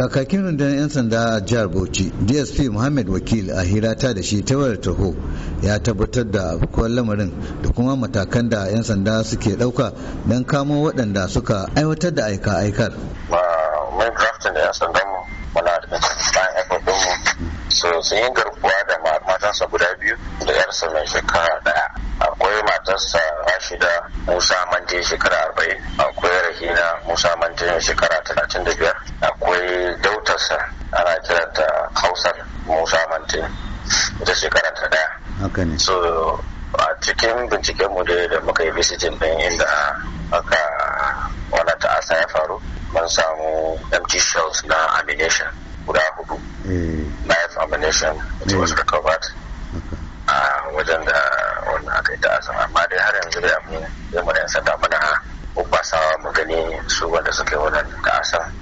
kakakin rundunar 'yan sanda a jihar bauchi dsp muhammad wakil a hirata da shi ta wayar taho ya tabbatar da afkuwar lamarin da kuma matakan da 'yan sanda suke ɗauka don kamo waɗanda suka aiwatar da aika-aikar mun draftin da 'yan mu muna da mu so sun yi garkuwa da matansa guda biyu da yarsa mai shekara daya akwai matarsa rashida musa manje shekara arba'in akwai na musa mantini shekara 35 biyar akwai dautarsa ana kiranta hausar musa mantini ita shekara ta daya so a cikin binciken mu da muka yi visitin din inda aka wannan ta'asa ya faru mun samu empty shells na amination guda hudu eh. knife amination which was recovered su wanda suke yi wannan ta'asa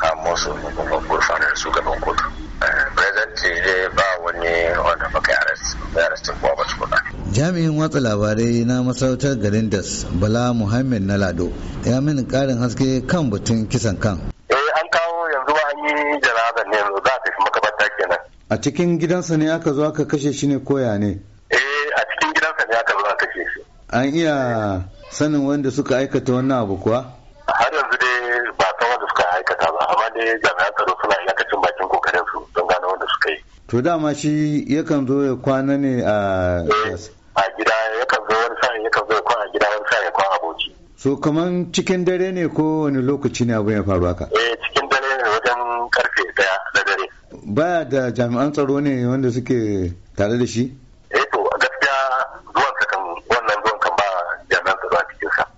kamo su kuma gurfanar su gaban kotu eh, presently dai ba wani wanda baka yi arrest arrestin kuwa ba su tukuna jami'in watsa labarai na masarautar garin das bala muhammed na lado ya mini karin haske kan batun kisan kan eh an kawo yanzu ba an yi janaza ne za a tafi makabarta kenan a cikin gidansa ne aka zo aka kashe shi ne koya ne eh a cikin gidansa ne aka zo aka kashe shi an iya sanin wanda suka aikata wannan abu kuwa har yanzu dai ba san wanda suka aikata ba amma dai jami'an tsaro suna iyakacin bakin kokarin su don gano wanda suka yi to dama shi yakan zo ya kwana ne a eh, a gida yakan zo wani sa'in yakan zo ya kwana a gida wani sa'in ya kwana aboki so kaman cikin dare ne ko wani lokaci ne abin ya faru haka eh cikin dare ne wajen karfe daya na dare baya da jami'an tsaro ne wanda suke tare da shi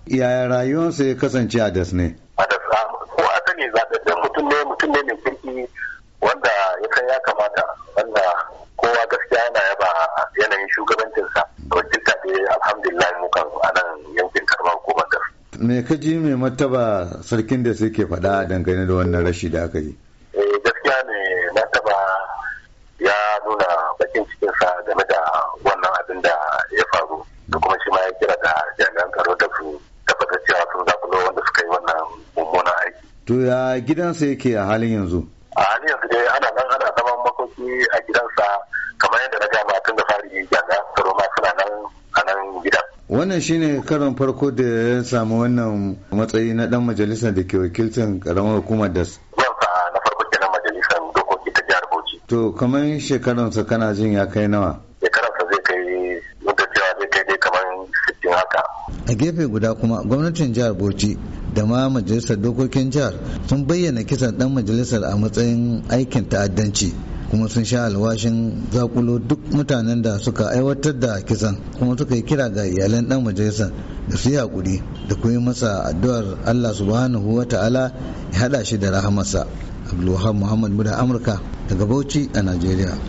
yaya rayuwarsa ya kasance a das ne a ko a asali zaɓaɓɓen mutum ne mutum ne mai kirki wanda ya san ya kamata wanda kowa gaskiya yana yaba yanayin shugabancinsa ta ne alhamdulillah mu kan a nan yankin karɓar hukumar das me ka ji mai martaba sarkin da suke faɗa dangane da wannan rashi da aka yi To ya gidansa yake a halin yanzu? A halin yanzu dai ana nan ana zaman makoki a gidansa kamar yadda na gama tun da fari jami'an tsaro ma suna nan a nan gidan. Wannan shine karon farko da ya samu wannan matsayi na dan majalisar da ke wakiltar karamar hukumar da To kamar shekaransa kana jin ya kai nawa? Shekaransa zai kai muka cewa zai kai dai kamar sittin haka. A gefe guda kuma gwamnatin jihar Bauchi da ma majalisar dokokin jihar sun bayyana kisan dan majalisar a matsayin aikin ta'addanci kuma sun sha alwashin zakulo duk mutanen da suka aiwatar da kisan kuma suka yi kira ga iyalan dan majalisar da su yi hakuri da kuma masa addu'ar Allah subhanahu wa ta'ala ya haɗa shi da rahamarsa Abdulwahab Muhammad Buda Amurka daga Bauchi a Najeriya